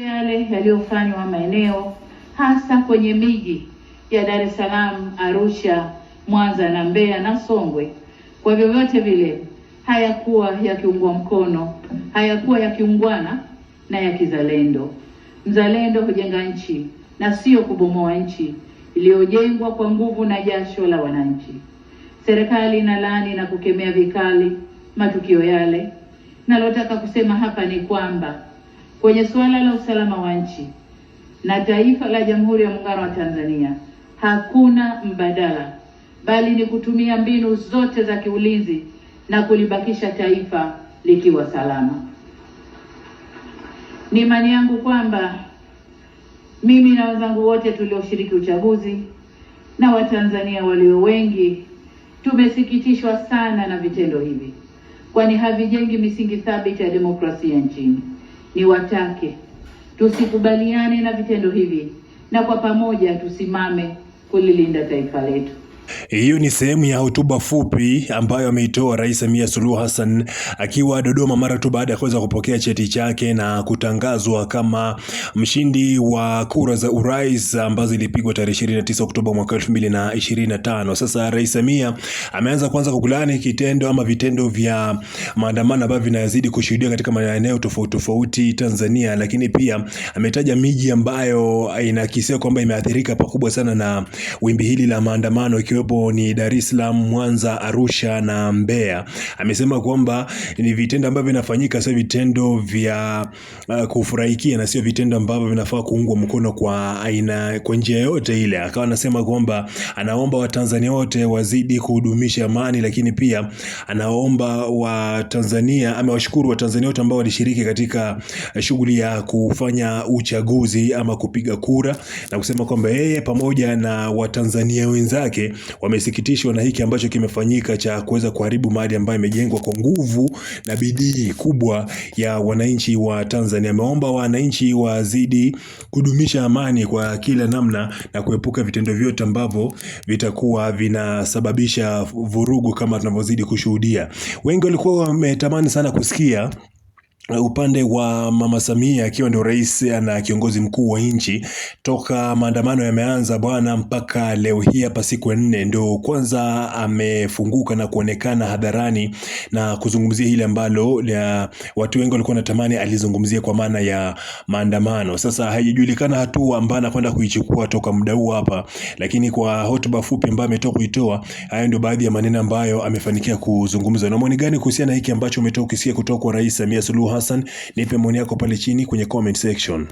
yale yaliyofanywa maeneo hasa kwenye miji ya Dar es Salaam, Arusha, Mwanza na Mbeya na Songwe, kwa vyovyote vile hayakuwa yakiungwa mkono, hayakuwa yakiungwana na ya kizalendo. Mzalendo hujenga nchi na sio kubomoa nchi iliyojengwa kwa nguvu na jasho la wananchi. Serikali inalaani na kukemea vikali matukio yale. Nalotaka kusema hapa ni kwamba kwenye suala la usalama wa nchi na taifa la Jamhuri ya Muungano wa Tanzania hakuna mbadala, bali ni kutumia mbinu zote za kiulinzi na kulibakisha taifa likiwa salama. Ni imani yangu kwamba mimi na wenzangu wote tulioshiriki uchaguzi na Watanzania walio wengi tumesikitishwa sana na vitendo hivi, kwani havijengi misingi thabiti ya demokrasia nchini ni watake tusikubaliane na vitendo hivi na kwa pamoja tusimame kulilinda taifa letu. Hiyo ni sehemu ya hotuba fupi ambayo ameitoa Rais Samia Suluhu Hassan akiwa Dodoma mara tu baada ya kuweza kupokea cheti chake na kutangazwa kama mshindi wa kura za urais ambazo ilipigwa tarehe 29 Oktoba mwaka 2025. Sasa Rais Samia ameanza kwanza kukulani kitendo ama vitendo vya maandamano ambayo vinazidi kushuhudiwa katika maeneo tofauti tofauti Tanzania, lakini pia ametaja miji ambayo inakisia kwamba imeathirika pakubwa sana na wimbi hili la maandamano ikiwepo ni Dar es Salaam, Mwanza, Arusha na Mbeya. Amesema kwamba ni vitendo ambavyo vinafanyika sio vitendo vya uh, kufurahikia na sio vitendo ambavyo vinafaa kuungwa mkono kwa aina kwa njia yoyote ile. Akawa anasema kwamba anaomba Watanzania wote wazidi kuhudumisha amani, lakini pia anaomba Watanzania amewashukuru Watanzania wote ambao walishiriki katika uh, shughuli ya kufanya uchaguzi ama kupiga kura na kusema kwamba yeye pamoja na Watanzania wenzake wamesikitishwa na hiki ambacho kimefanyika cha kuweza kuharibu mali ambayo imejengwa kwa nguvu na bidii kubwa ya wananchi wa Tanzania. Ameomba wananchi wazidi kudumisha amani kwa kila namna na kuepuka vitendo vyote ambavyo vitakuwa vinasababisha vurugu kama tunavyozidi kushuhudia. Wengi walikuwa wametamani sana kusikia upande wa Mama Samia akiwa ndio rais na kiongozi mkuu wa nchi, toka maandamano yameanza bwana mpaka leo hii hapa, siku nne, ndio kwanza amefunguka na kuonekana hadharani na kuzungumzia hili ambalo watu wengi walikuwa wanatamani alizungumzia, kwa maana ya maandamano. Sasa haijulikana hatua ambayo anakwenda kuichukua toka muda huu hapa, lakini kwa hotuba fupi ambayo ametoka kuitoa, hayo ndio baadhi ya maneno ambayo amefanikia kuzungumza. Na maoni gani kuhusiana na hiki ambacho umetoka kusikia kutoka kwa Rais Samia Suluhu Hassan, nipe maoni yako pale chini kwenye comment section.